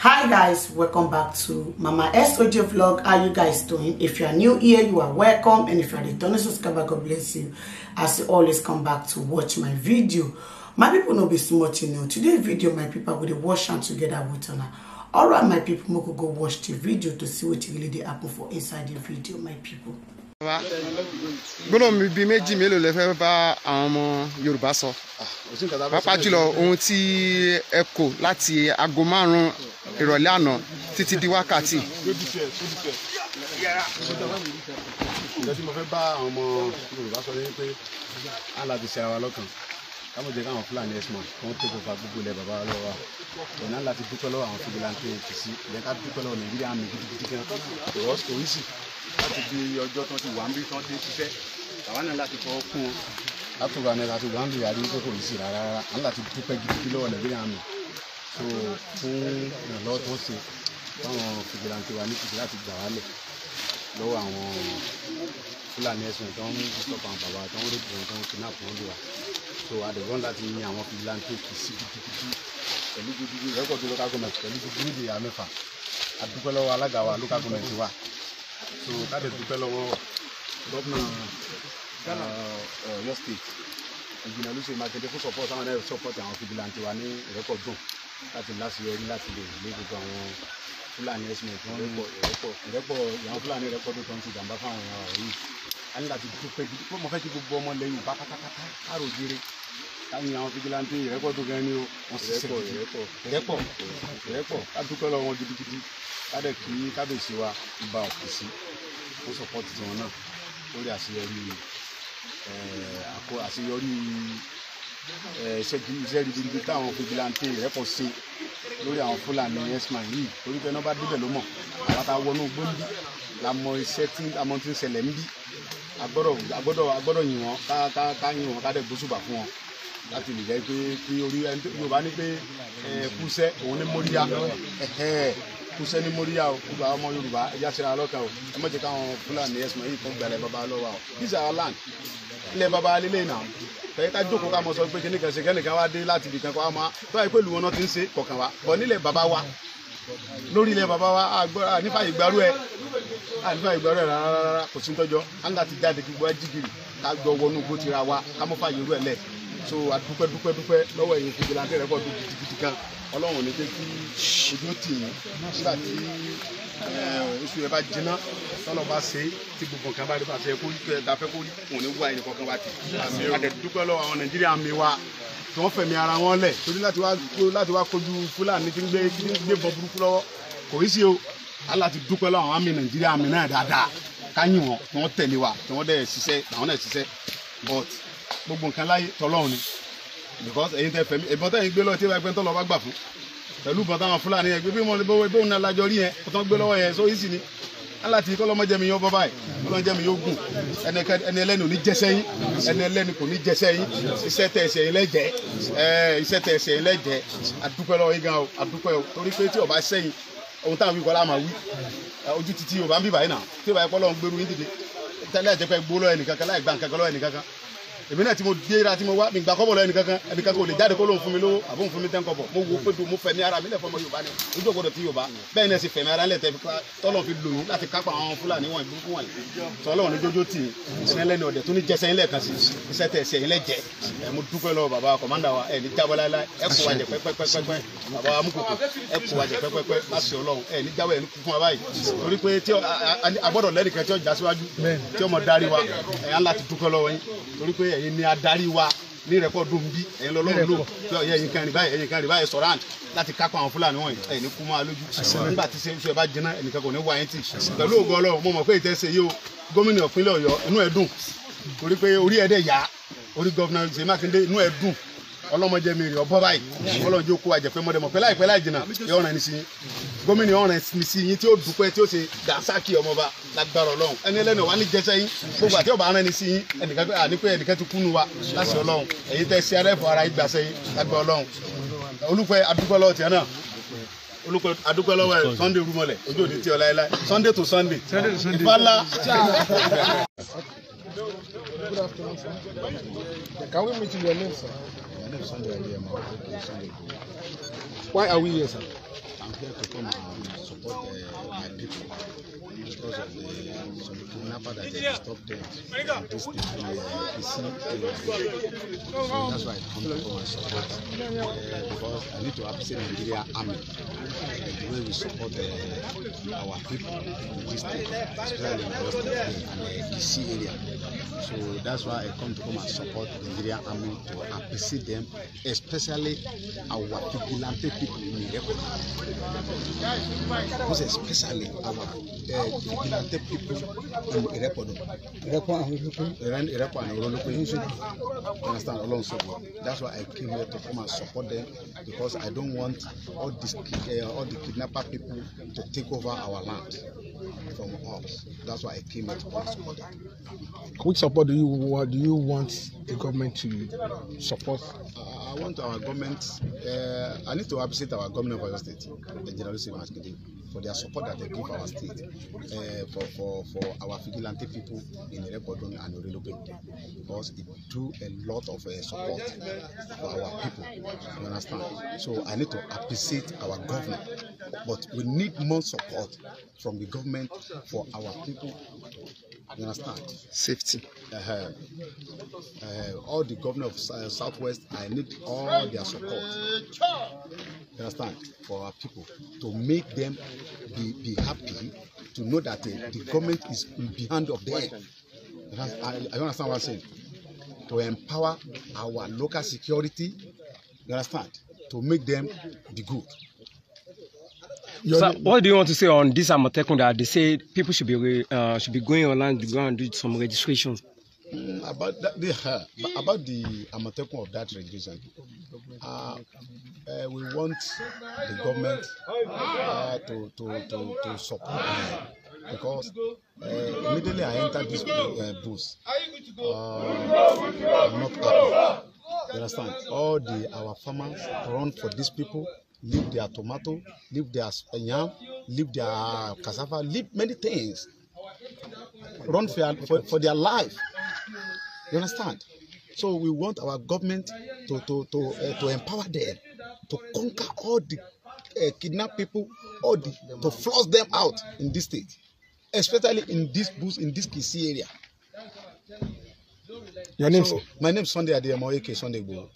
hi guys welcome back to mama soj vlog how you guys doing if you are new here you are welcome and if you are returning subscriber god bless you as you always come back to watch my video my people know be small you know today video my people will dey watch together with una all right my people make go watch the video to see wetin really dey happen for inside the video my people. gbọ́dọ̀ mi bíi méjì mélòó lè fẹ́ bá àwọn ọmọ yorùbá sọ ah, pàápàá jùlọ ohun tí ẹ kò láti aago márùn-ún ìrọ̀lẹ́ àná títí di wákàtí. ìjọ mo fẹ́ bá àwọn ọmọ Yorùbá sọ pé a láti ṣe àwa lọ́kàn káwọn jẹ káwọn Fúlàní ẹsùn kàn tó kó fa gbogbo ilẹ̀ bàbá lọ́wọ́ wa ìyẹn náà láti dúpẹ́ lọ́wọ́ àwọn fìgìláńtì tìsí ìyẹn ká dúpẹ́ lọ́wọ́ Nàìjíríà mi gidigidi gan ìrọ̀ oríṣi láti di ọjọ́ tó ti wà ń bí tó ti ṣiṣẹ́ bàbá náà láti fọwọ́ kún un. látùgbà náà látùgbà ń lu ìyàrí tó kò ní sí rárá rárá á láti dúpẹ́ gidigidi lọ́wọ́ Nàìjíríà mi so fún ìrànlọ́wọ́ tó ń ṣe fáwọn fìdílàǹtì wa ní kìkì láti gbà wálẹ̀ lọ́wọ́ àwọn fúlàní ẹ̀sùn tó ń sọ̀pọ̀ àwọn bàbá tó ń rí ìpinnu tó ń kidnap wọn lù wá so àdìgbọ́n láti yin àwọn fìdílàǹtì kì í sí gidigidi pẹ̀lú gidigidi rẹ́kọ̀dù local government pẹ̀lú gidigidi di àmẹ́fà àdúpẹ́ lọ́wọ́ alága wa local government wa so káde dúpẹ́ lọ́wọ́ gómìnà Ọ̀yọ́ uh, uh, state ìgbìmọ̀ lóṣèlú mákindé fún support àwọn ẹ̀rọ support àwọn fìdílàǹtì wa ní rẹ́kọ̀dù láti láṣeyọrí láti lè lé gbogbo àwọn fúlàní ẹ̀sìn ẹ̀tọ́ ìrẹ́pọ̀ ìrẹ́pọ̀ ìrẹ́pọ̀ ìyàwó fúlàní ìrẹ́pọ̀ tó tán ti jàǹbá fáwọn èèyàn yìí a ní láti dúpẹ́ gidi pé mo fẹ́ kí gbogbo ọmọ lẹ́yìn bá pátápátá kárò jire káyìn àwọn fìdílàntì ìrẹ́pọ̀ tó gan o wọ́n sì ṣe ìrẹ́pọ̀ ìrẹ́pọ̀ ìrẹ́pọ̀ ká lọ wọn gidigidi ká kí kábíyèsí wa ìbá òkùsí ó sọpọ́ọ̀tì Eh, ṣe ribiribi táwọn fìgìláńtì rẹ̀ pọ̀ sí lórí àwọn fúlàní yẹ́sìmá yìí torí pé nọ́ba débẹ̀ ló mọ̀ àwọn tá a wọnú gbóǹdì la mọ iṣẹ́ tí a mọ ti ń ṣẹlẹ̀ ń bí a gbọ́dọ̀ a gbọ́dọ̀ a gbọ́dọ̀ yìn wọ́n ká ká ká yìn wọ́n ká dẹ̀ gbósùbà fún wọn láti lè jẹ́ pé kí orí yorùbá ní pé eh, kúṣẹ́ òun ní móríyá kúṣẹ́ ní móríyá o gbogbo àwọn ọmọ yorùbá ẹja ṣe ara lọ́kàn o ẹ má jẹ́ káwọn fúlàní ẹ̀sìn yìí kọ́ gbẹ̀rẹ̀ bàbá lọ́wọ́ o this ilẹ̀ baba alẹ́lẹ́ náà tẹ̀yẹ́ ká jókòó ká mọ̀ sọ pé kíní kan ṣe kẹ́nìkan wá dé láti ibìkan kó wá máa tó àyè pé lùwọ́n náà ti ń ṣe kọ̀ọ̀kan wa bọ̀ nílẹ̀ baba wa lórí ilẹ̀ baba wa ànífà ìgbàrú ẹ ànífà ìgbàrú ẹ rárá kò sí tọ́jọ́ àǹgá ti jáde gbogbo ẹ jìgìrì ká jọ wọnú gbó tira wa ká mọ́ fàyè rú ẹ lẹ̀ so adúpẹ́ dúpẹ́ dúpẹ́ lọ́wọ́ ẹ̀yin fìdílàntẹ́ rẹ̀ pọ̀ dùn gidigidi kan ọlọ́run ò ní jẹ́ kí ojú tì yín nígbà tí oṣù eh, yẹn bá jiná tọ́lọ̀ bá ṣe tí gbogbo nǹkan bá rí pàṣẹ kó dafẹ́ kó wọn ní wá ẹni kankan wá ti àdẹ̀dúpẹ́ lọ́wọ́ àwọn nàìjíríà mi wa tí wọ́n fẹ̀mí ara wọn lẹ̀ torí láti wá kojú fúlàní tí ń gbé bọ burúkú lọ́wọ́ kò í o aláti dúpẹ́ lọ́wọ́ àwọn àmì nàìjíríà mi náà dáadáa káyìn wọn tí wọ́n tẹ̀lé wa tí wọ́n dẹ̀ ṣiṣẹ́ àwọn náà but gbogbo nǹkan láyé tọ́lọ́run ni because ẹ̀yin tẹ fẹ̀mí ẹ̀bọ́n tẹ̀yin gbé lọ́ọ́ tí wọ́n ẹgbẹ́ tọ́lọ́ bá gbà pẹ̀lú bàtà àwọn fúlàní yẹn gbégbé mọ́lẹ́ bọ́wọ́ ìbéwọ̀n náà lájọ rí yẹn kó tán gbé lọ́wọ́ yẹn so easy ni aláti kọlọmọjẹmi yóò bọ báyìí kọlọmọjẹmi yóò gùn ẹni ẹlẹ́ni ò ní jẹsẹ́ yín ẹni ẹlẹ́ni kò ní jẹsẹ́ yín iṣẹ́ tẹ ẹsẹ̀ yín lẹ́jẹ̀ ẹ iṣẹ́ tẹ ẹsẹ̀ yín lẹ́jẹ̀ adúpẹ́ lọ́wọ́ yín gan o adúpẹ́ o torí pé tí o bá sẹ́yìn ohun táwọn wí kọ́ la máa wí ojú títí o bá ń bíbáyìí náà tí o bá yẹ kọ́ lọ́wọ́ ń gbèrú yín dìde tẹ́lẹ̀ jẹ́ pé gbólọ́ ẹnìkankan láì gbà nǹkan lọ́wọ́ èmi náà tí mo dé ra tí mo wá mi gbà kọ́bọ̀ lọ ẹnì kankan ẹnì kankan ò lè jáde kó lóun fún mi lówó àbó òun fún mi tẹ́ ń mo wo pé mo fẹ̀mí ara mi lẹ̀ fọmọ yorùbá ni ojú ògbọ́dọ̀ ti yorùbá bẹ́ẹ̀ ni ẹ̀sìn fẹ̀mí ara lẹ̀ tẹ́ fi tọ́lọ̀ fi lòyún láti kápá àwọn fúlàní wọn ìbúkú wọn sọlọ́wọ́n ní jójó tì ẹ̀sìn ẹlẹ́ni ọ̀dẹ̀ tó ní jẹsẹ̀ ilẹ̀ kan sí iṣẹ́ tẹ̀ ẹ̀sẹ̀ ilẹ̀ jẹ ẹ̀ mo dúpẹ́ lọ́wọ́ bàbá kọ̀mándà wa ẹ̀ ní jábọ́ láíláí ẹ̀ kó wa jẹ pẹ́pẹ́pẹ́pẹ́ bàbá wa amúkòkò ẹ̀ kó wa jẹ pẹ́pẹ́pẹ́ láti ọlọ́run ẹ̀ ní jábọ́ ẹ̀ ní kú fún wa já síwájú tí ó mọ̀ dárí wa ẹ̀ á láti dúpẹ́ lọ́wọ́ yín torí ẹ̀yin ni adarí wa ní rẹkọdún bí ẹ̀yin lọ lọrun lò tí ọyẹ ẹ̀yin kan rí báyìí ẹ̀yin kan rí báyìí sọrand láti kápá àwọn fúlàní wọ̀nyí ẹ̀yin ní kú máa lójú nígbà tí sẹ sọ ẹ bá jiná ẹnìkan kò ní wá ẹyìn tì pẹ̀lú ògo Ọlọ́run mo mọ̀ pé ìtẹsẹ yìí o gómìnà ìpínlẹ̀ Ọ̀yọ́ inú ẹ dùn torí pé orí ẹ yá orí gọvnà Ṣèyí Mákindé inú ẹ dùn ọlọ́mọdé mi rè ọ bọ́ báyìí ọlọ́mọdé kó àjẹpẹ́ mọ́dẹ́mọ́ pẹ́ láìpẹ́ láì jìnnà yóò ràn ní sí yín gómìnà yóò ràn ní sí yín tí ó dúpẹ́ tí ó ṣe dànsákì ọmọba lágbára ọlọ́run ẹni ẹlẹ́nu wa ní jẹsẹ́ yín gbogbo àti ọba rán ní sí yín ẹnìkan pé ànípẹ́ ẹnìkan ti kúnnu wa láti ọlọ́run èyí tẹ́ sí arẹ́fọ ara yín gbàsẹ́ yín lágbára ọlọ́run olùpẹ́ adúgbọ́lọ́ tiẹ̀ náà olùkọ́ adúgbòlọ́wọ́ ẹ̀ sunday rumọ̀lẹ̀ ojú òde tí ọ láéláé sunday to sunday ìfàlà. Can we meet your name, sir? Why are we here, sir? I'm here to come and support uh, my people because of the some kidnapper that they stopped them this thing from the PC that's why I come to come and support uh, because I need to upset Nigeria army. The way we support uh, our people in this thing, especially in uh, the and the PC area. So that's why I come to come and support the Nigerian army to appreciate them, especially our vigilante people in Irepodo. Most especially our eh, vigilante people in Irepodo. Irepo and Ololokun. Irepo and Ololokun. Understand Olorun sọ̀rọ̀. That's why I came here to come and support them because I don't want all, this, uh, all the kidnapper people to take over our land from us. That's why I came At to support Which support do you what do you want the government to support? Uh, I want our government. Uh, I need to appreciate our government of our state, the General secretary for their support that they give our state uh, for, for, for our vigilante people in Irekodun and Orelope because it do a lot of uh, support for our people. You understand? So I need to appreciate our government, but we need more support from the government for our people You understand? Safety. Uh, uh, all the governor of uh, Southwest, I need all their support. You understand? For our people to make them be, be happy to know that uh, the government is behind of them. I, I understand what I'm saying. To empower our local security. You understand? To make them be good. So, what do you want to say on this Amotekun that they say people should be uh, should be going online to go and do some registrations? Mm, about that, the, uh, about the Amotekun of that registration, uh, uh, we want the government uh, to, to, to, to support them because uh, immediately I entered this uh, booth, uh, I'm not happy. You understand? All the our farmers run for these people leave their tomato leave their eh, yam leave their cassava leave many things run for, for, for their life you understand so we want our government to to to uh, to empower them to conquer all the uh, kidnap people all the to flush them out in this state especially in this bush in this Kisi area. Your name? So, my name is Sunday Adeyemo AK Sunday Igboho.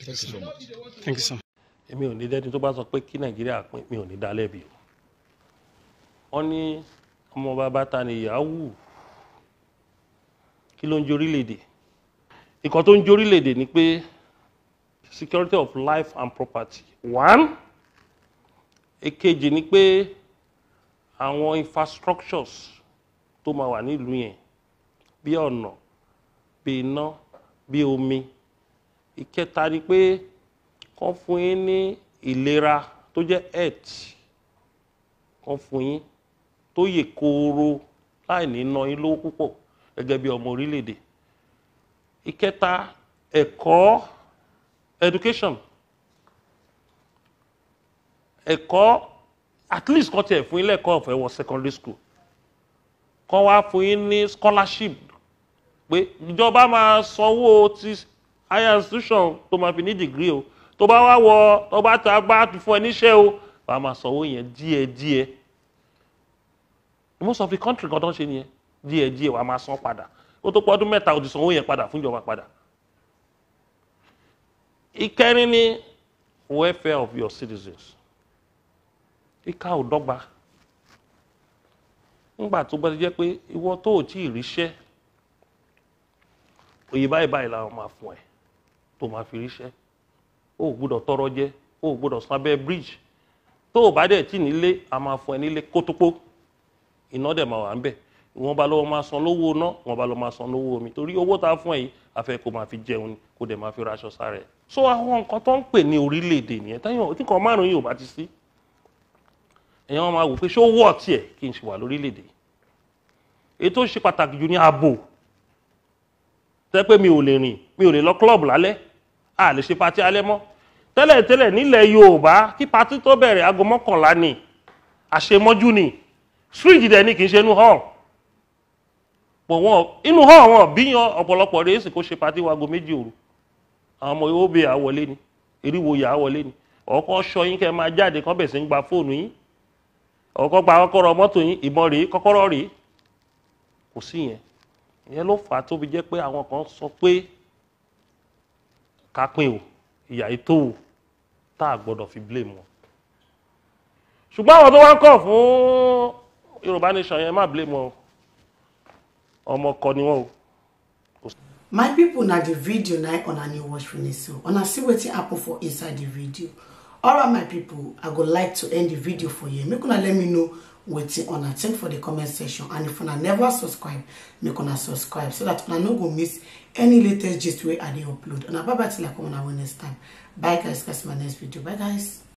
Thank you so much. Thank you so much èmi ò ní dẹ́ni tó bá sọ pé kí nàìjíríà pín mi ò ní dá lẹ́bi o wọ́n ní ọmọ bàbá ta ni yahoo kí ló ń jẹ orílẹ̀-èdè tó ń jẹ orílẹ̀ ni pé security of life and property one èkejì ni pé àwọn infrastructures tó máa wà nílùú yẹn bí ọ̀nà bí iná bí omi ìkẹta ni pé kán fún yín ní ìlera tó jẹ́ health kán fún yín tó yè kooro láì ní yín lówó púpọ̀ gẹ́gẹ́ bí ọmọ orílẹ̀-èdè ìkẹta ẹ̀kọ́ education ẹ̀kọ́ at least kán tiẹ̀ fún yín lẹ́ẹ̀kọ́ ọ̀fẹ́ wọ secondary school kán wá fún yín ní scholarship pé ìjọba máa sanwó ti higher institution tó máa fi ní degree o tó bá wá wọ tó bá ta gbá fún ẹ níṣẹ́ o wà á máa sanwó yẹn díẹ̀ díẹ̀ most of the country kan tó ń ṣe nìyẹn díẹ̀ díẹ̀ wà á máa san padà ó tó pọ̀ ọdún mẹ́ta ó ti sanwó yẹn padà fún ìjọba padà. ìkẹrin ni welfare of your citizens ìka ò dọ́gba ńgbà tó bá ti jẹ́ pé ìwọ tó ò tí ì ríṣẹ́ òye báyìí báyìí làwọn máa fún ẹ tó máa fi ríṣẹ́ o ò gbúdọ̀ tọrọ jẹ o ò gbúdọ̀ sábẹ́ bridge tó o bá dẹ̀ tì nílé a máa fún ẹ nílé kótópó iná dẹ̀ máa wà ń bẹ̀ wọ́n bá lọ́wọ́ máa san lówó ná wọ́n bá lọ́wọ́ máa san lówó omi torí owó tá a fún ẹ yìí a fẹ́ kó máa fi jẹun kó dẹ̀ máa fi raṣọ sára ẹ̀. so àwọn nǹkan tó ń pè ní orílẹ̀-èdè nìyẹn táyọ̀ tí kan márùn-ún yìí ò bá ti sí èèyàn wọn máa wò pé ṣé ó wọ̀ tiẹ̀ kí n ṣe wà lórílẹ̀-èdè club lálẹ́ a lè ṣe patí alẹ́ mọ́ tẹ́lẹ̀ tẹ́lẹ̀ nílẹ̀ yorùbá kí patí tó bẹ̀rẹ̀ aago mọ́kànlá ni àṣemọ́jú ni street dẹ̀ ni kì í ṣe inú hall pọ̀ wọn inú hall wọn bíyan ọ̀pọ̀lọpọ̀ rẹ̀ èsì kó ṣe patí waago méjì òru àwọn ọmọ yóò bè àwọlé ni eriwo yà wọlé ni ọkọ sọ yín kẹ́ máa jáde kọ́ bẹ̀sẹ̀ ń gba fóònù yín ọkọ gba kọ́kọ́rọ́ mọ́tò yín ìbọn rèé kọ́kọ́rọ́ rèé kò sí yẹn ìyẹn ló fà á tó jẹ́ pé àwọn kan sọ pé kápẹ́ o ìyà ètò o tá a gbọ́dọ̀ fi blame wọn ṣùgbọ́n àwọn tó wá ń kọ̀ fún Yorùbá nation yẹn má blame wọn ọmọ kọ ni wọn o. my pipo na di video na una new watch finish so una see wetin happen for inside di video alright my pipo i go like to end di video for here make una let me know wetin una think for the comment section and if una never subscribe make una subscribe so that una no go miss any latest gist wey i dey upload una bye bye till i come una next time bye guys catch my next video bye guys